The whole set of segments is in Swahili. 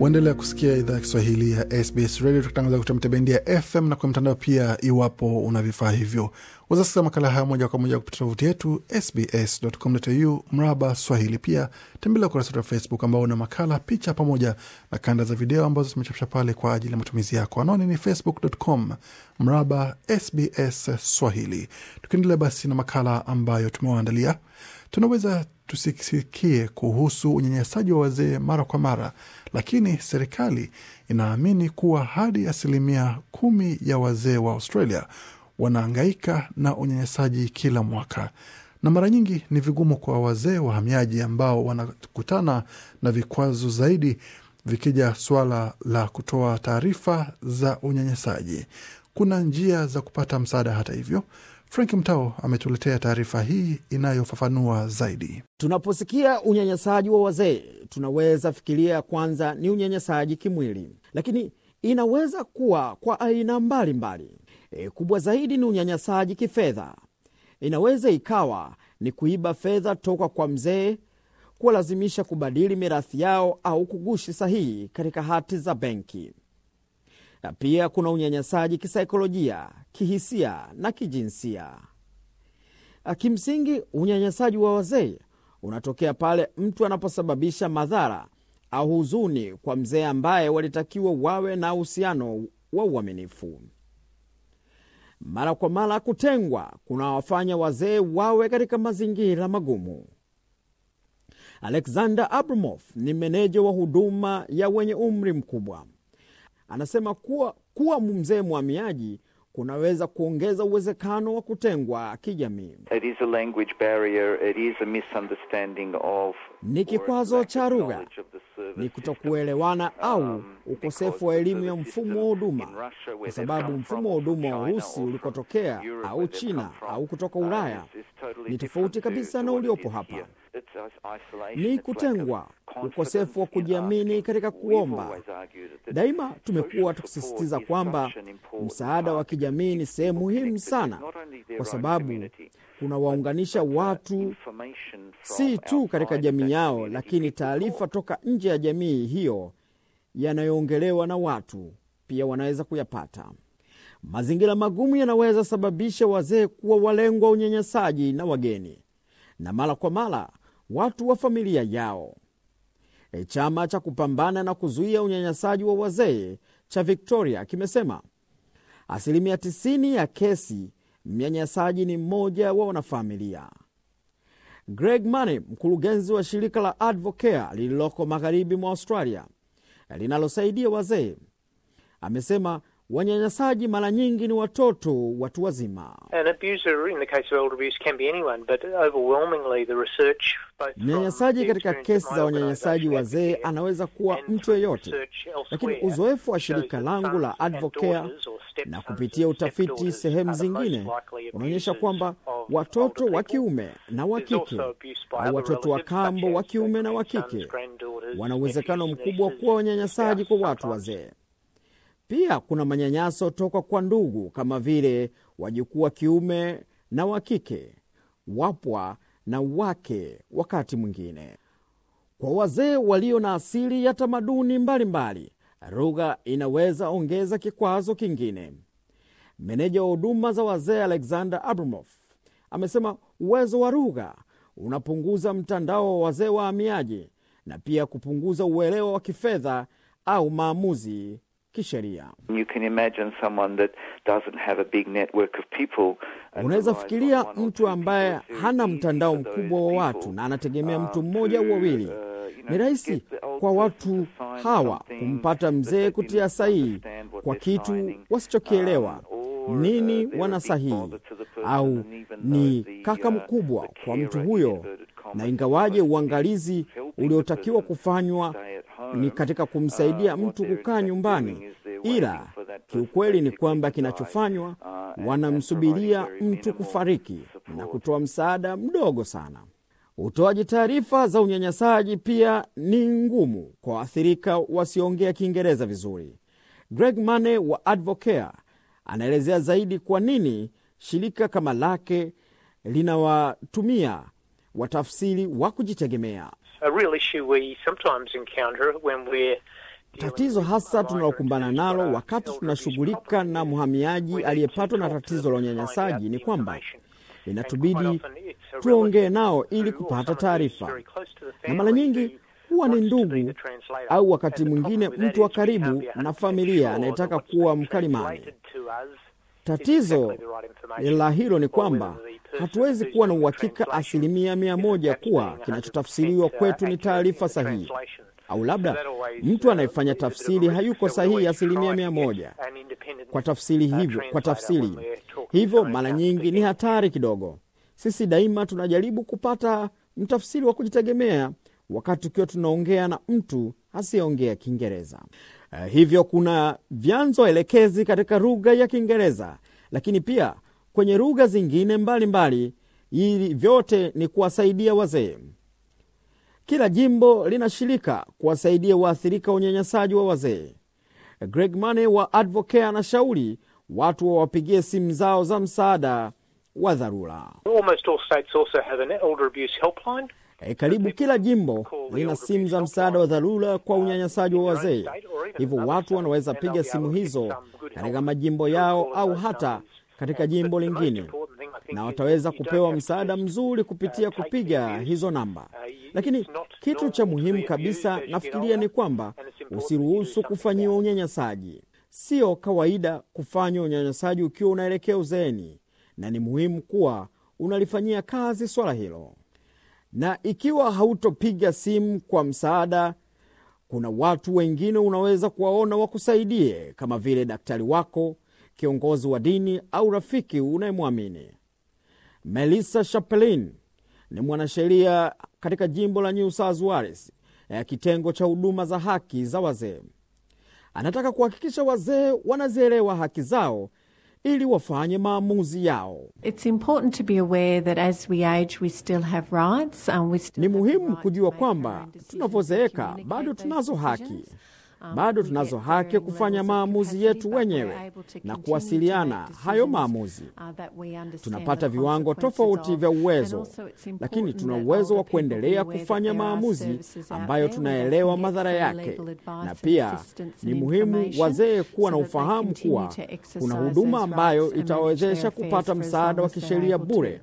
Waendelea kusikia idhaa ya Kiswahili ya SBS Radio, tukitangaza kupitia mitabendi ya FM na kwenye mtandao pia. Iwapo una vifaa hivyo, wazasikiza makala haya moja kwa moja kupitia tovuti yetu sbs.com.au mraba swahili. Pia tembelea ukurasa wetu wa Facebook ambao una makala, picha pamoja na kanda za video ambazo zimechapisha pale kwa ajili ya matumizi yako. Anwani ni facebook.com mraba sbs swahili. Tukiendelea basi na makala ambayo tumewaandalia, tunaweza tusisikie kuhusu unyanyasaji wa wazee mara kwa mara, lakini serikali inaamini kuwa hadi asilimia kumi ya wazee wa Australia wanaangaika na unyanyasaji kila mwaka, na mara nyingi ni vigumu kwa wazee wahamiaji ambao wanakutana na vikwazo zaidi vikija swala la kutoa taarifa za unyanyasaji. Kuna njia za kupata msaada, hata hivyo Frank Mtao ametuletea taarifa hii inayofafanua zaidi. Tunaposikia unyanyasaji wa wazee, tunaweza fikiria kwanza ni unyanyasaji kimwili, lakini inaweza kuwa kwa aina mbalimbali. E, kubwa zaidi ni unyanyasaji kifedha. Inaweza ikawa ni kuiba fedha toka kwa mzee, kuwalazimisha kubadili mirathi yao au kugushi sahihi katika hati za benki na pia kuna unyanyasaji kisaikolojia, kihisia na kijinsia. Ah, kimsingi, unyanyasaji wa wazee unatokea pale mtu anaposababisha madhara au huzuni kwa mzee ambaye walitakiwa wawe na uhusiano wa uaminifu. Mara kwa mara, kutengwa kunawafanya wazee wawe katika mazingira magumu. Alexander abramof ni meneja wa huduma ya wenye umri mkubwa Anasema kuwa kuwa mzee mhamiaji kunaweza kuongeza uwezekano wa kutengwa kijamii. Ni kikwazo cha rugha ni kutokuelewana um, au ukosefu wa elimu ya mfumo wa huduma, kwa sababu mfumo wa huduma wa Urusi ulikotokea au China au kutoka Ulaya ni tofauti kabisa na uliopo hapa. Ni kutengwa ukosefu wa kujiamini katika kuomba. Daima tumekuwa tukisisitiza kwamba msaada wa kijamii ni sehemu muhimu sana, kwa sababu unawaunganisha watu si tu katika jamii yao, lakini taarifa toka nje ya jamii hiyo yanayoongelewa na watu pia wanaweza kuyapata. Mazingira magumu yanaweza sababisha wazee kuwa walengwa unyanyasaji na wageni, na mara kwa mara watu wa familia yao. E, chama cha kupambana na kuzuia unyanyasaji wa wazee cha Victoria kimesema asilimia 90 ya kesi mnyanyasaji ni mmoja wa wanafamilia. Greg Mane, mkurugenzi wa shirika la Advocare lililoko magharibi mwa Australia linalosaidia wazee, amesema Wanyanyasaji mara nyingi ni watoto, watu wazima. Mnyanyasaji katika kesi za wanyanyasaji wazee anaweza kuwa mtu yeyote, lakini uzoefu wa shirika langu la Advocare na kupitia utafiti sehemu zingine unaonyesha kwamba watoto wa kiume na wa kike au watoto wa kambo wa kiume na wa kike wana uwezekano mkubwa kuwa wanyanyasaji kwa watu wazee. Pia kuna manyanyaso toka kwa ndugu kama vile wajukuu wa kiume na wa kike, wapwa na wake, wakati mwingine kwa wazee walio na asili ya tamaduni mbalimbali. rugha inaweza ongeza kikwazo kingine. Meneja wa huduma za wazee Alexander Abramoff amesema uwezo wa rugha unapunguza mtandao wa wazee wa hamiaji na pia kupunguza uelewa wa kifedha au maamuzi kisheria. Uh, Unaweza fikiria mtu ambaye hana mtandao mkubwa wa watu na anategemea uh, mtu mmoja au uh, wawili. Ni rahisi kwa watu hawa kumpata mzee kutia sahihi kwa kitu wasichokielewa um, nini wanasahihi, au ni kaka mkubwa kwa mtu huyo, na ingawaje uangalizi uliotakiwa kufanywa ni uh, katika kumsaidia mtu kukaa nyumbani, ila kiukweli ni kwamba kinachofanywa uh, wanamsubiria mtu kufariki na kutoa msaada mdogo sana. Utoaji taarifa za unyanyasaji pia ni ngumu kwa waathirika wasiongea Kiingereza vizuri. Greg Mane wa Advocare anaelezea zaidi kwa nini shirika kama lake linawatumia watafsiri wa kujitegemea. A real issue we sometimes encounter when we're Tatizo hasa tunalokumbana nalo wakati tunashughulika na mhamiaji aliyepatwa na tatizo la unyanyasaji ni kwamba inatubidi tuongee nao ili kupata taarifa, na mara nyingi huwa ni ndugu au wakati mwingine mtu wa karibu na familia anayetaka kuwa mkalimani. Tatizo la hilo ni kwamba Hatuwezi kuwa na uhakika asilimia mia moja kuwa kinachotafsiriwa kwetu ni taarifa sahihi, au labda mtu anayefanya tafsiri hayuko sahihi asilimia mia moja kwa tafsiri hivyo, kwa tafsiri hivyo mara nyingi ni hatari kidogo. Sisi daima tunajaribu kupata mtafsiri wa kujitegemea wakati tukiwa tunaongea na mtu asiyeongea Kiingereza. Uh, hivyo kuna vyanzo elekezi katika rugha ya Kiingereza, lakini pia kwenye lugha zingine mbalimbali ili vyote ni kuwasaidia wazee. Kila jimbo lina shirika kuwasaidia waathirika unyanyasaji wa wazee. Greg Mane wa na anashauri watu wawapigie simu zao za msaada wa dharura. E, karibu kila jimbo lina simu za msaada wa dharura kwa unyanyasaji wa wazee, hivyo watu wanaweza piga simu hizo katika majimbo yao au hata katika jimbo lingine, na wataweza kupewa msaada mzuri kupitia kupiga hizo namba. Lakini kitu cha muhimu kabisa nafikiria ni kwamba usiruhusu kufanyiwa unyanyasaji. Sio kawaida kufanywa unyanyasaji ukiwa unaelekea uzeeni, na ni muhimu kuwa unalifanyia kazi swala hilo. Na ikiwa hautopiga simu kwa msaada, kuna watu wengine unaweza kuwaona wakusaidie, kama vile daktari wako kiongozi wa dini au rafiki unayemwamini. Melissa Chapelin ni mwanasheria katika jimbo la New South Wales ya eh, kitengo cha huduma za haki za wazee. Anataka kuhakikisha wazee wanazielewa haki zao ili wafanye maamuzi yao. Ni muhimu kujua kwamba tunavyozeeka bado tunazo haki Um, bado tunazo haki ya kufanya maamuzi yetu wenyewe na kuwasiliana hayo maamuzi. Uh, Tunapata viwango tofauti vya uwezo, lakini tuna uwezo wa kuendelea kufanya maamuzi ambayo tunaelewa madhara yake, na pia ni muhimu wazee kuwa na ufahamu kuwa kuna huduma ambayo itawawezesha kupata msaada wa kisheria bure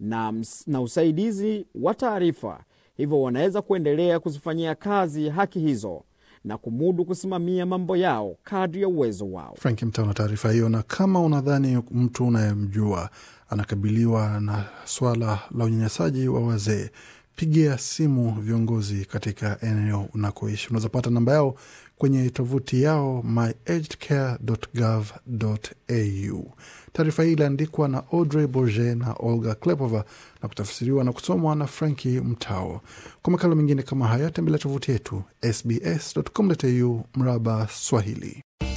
na, na usaidizi wa taarifa, hivyo wanaweza kuendelea kuzifanyia kazi haki hizo na kumudu kusimamia mambo yao kadri ya uwezo wao. Frank Mtao na taarifa hiyo. Na kama unadhani mtu unayemjua anakabiliwa na swala la unyanyasaji wa wazee pigia simu viongozi katika eneo unakoishi. Unaweza pata namba yao kwenye tovuti yao myagedcare.gov.au. Taarifa hii iliandikwa na Audrey Borge na Olga Klepova na kutafsiriwa na kusomwa na Franki Mtao. Kwa makala mengine kama haya, tembelea tovuti yetu sbs.com.au mraba Swahili.